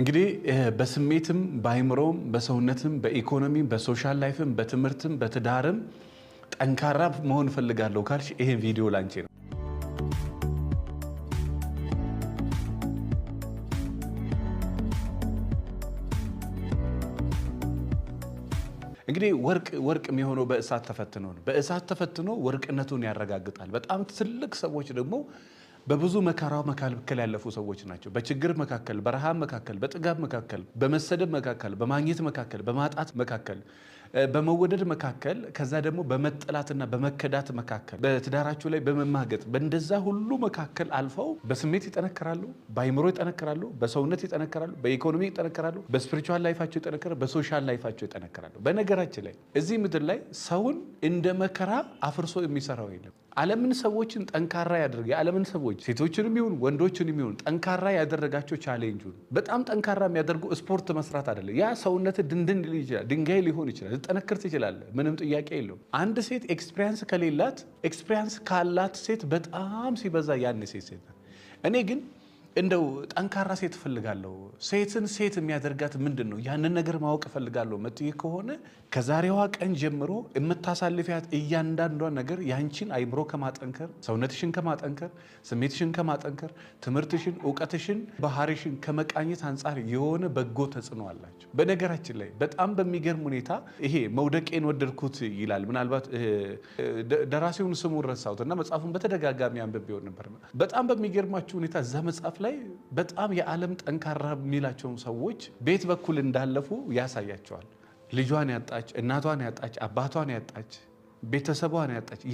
እንግዲህ በስሜትም በአይምሮም በሰውነትም በኢኮኖሚም በሶሻል ላይፍም በትምህርትም በትዳርም ጠንካራ መሆን እፈልጋለሁ ካልሽ ይሄን ቪዲዮ ላንቺ ነው። እንግዲህ ወርቅ ወርቅ የሚሆነው በእሳት ተፈትኖ ነው። በእሳት ተፈትኖ ወርቅነቱን ያረጋግጣል። በጣም ትልቅ ሰዎች ደግሞ በብዙ መከራ መካከል ያለፉ ሰዎች ናቸው። በችግር መካከል፣ በረሃብ መካከል፣ በጥጋብ መካከል፣ በመሰደብ መካከል፣ በማግኘት መካከል፣ በማጣት መካከል በመወደድ መካከል ከዛ ደግሞ በመጠላትና በመከዳት መካከል በትዳራቸው ላይ በመማገጥ በእንደዛ ሁሉ መካከል አልፈው በስሜት ይጠነከራሉ፣ በአይምሮ ይጠነከራሉ፣ በሰውነት ይጠነከራሉ፣ በኢኮኖሚ ይጠነከራሉ፣ በስፒሪቹዋል ላይፋቸው ይጠነከራሉ፣ በሶሻል ላይፋቸው ይጠነከራሉ። በነገራችን ላይ እዚህ ምድር ላይ ሰውን እንደ መከራ አፍርሶ የሚሰራው የለም። ዓለምን ሰዎችን ጠንካራ ያደርግ የዓለምን ሰዎች ሴቶችን የሚሆን ወንዶችን የሚሆን ጠንካራ ያደረጋቸው ቻሌንጁ በጣም ጠንካራ የሚያደርጉ ስፖርት መስራት አይደለም። ያ ሰውነት ድንድን ሊሆን ይችላል፣ ድንጋይ ሊሆን ይችላል ልጠነክር ትችላለህ። ምንም ጥያቄ የለውም። አንድ ሴት ኤክስፔሪንስ ከሌላት ኤክስፔሪንስ ካላት ሴት በጣም ሲበዛ ያን ሴት ሴት እኔ ግን እንደው ጠንካራ ሴት እፈልጋለሁ፣ ሴትን ሴት የሚያደርጋት ምንድን ነው? ያንን ነገር ማወቅ እፈልጋለሁ መጥዬ ከሆነ ከዛሬዋ ቀን ጀምሮ የምታሳልፊያት እያንዳንዷ ነገር ያንቺን አይምሮ ከማጠንከር፣ ሰውነትሽን ከማጠንከር፣ ስሜትሽን ከማጠንከር፣ ትምህርትሽን፣ እውቀትሽን፣ ባህሪሽን ከመቃኘት አንጻር የሆነ በጎ ተጽዕኖ አላቸው። በነገራችን ላይ በጣም በሚገርም ሁኔታ ይሄ መውደቄን ወደድኩት ይላል። ምናልባት ደራሲውን ስሙን ረሳሁት እና መጽሐፉን በተደጋጋሚ አንብቤው ነበር። በጣም በሚገርማችሁ ሁኔታ እዛ መጽሐፍ ላይ በጣም የዓለም ጠንካራ የሚላቸውን ሰዎች ቤት በኩል እንዳለፉ ያሳያቸዋል። ልጇን ያጣች፣ እናቷን ያጣች፣ አባቷን ያጣች፣ ቤተሰቧን ያጣች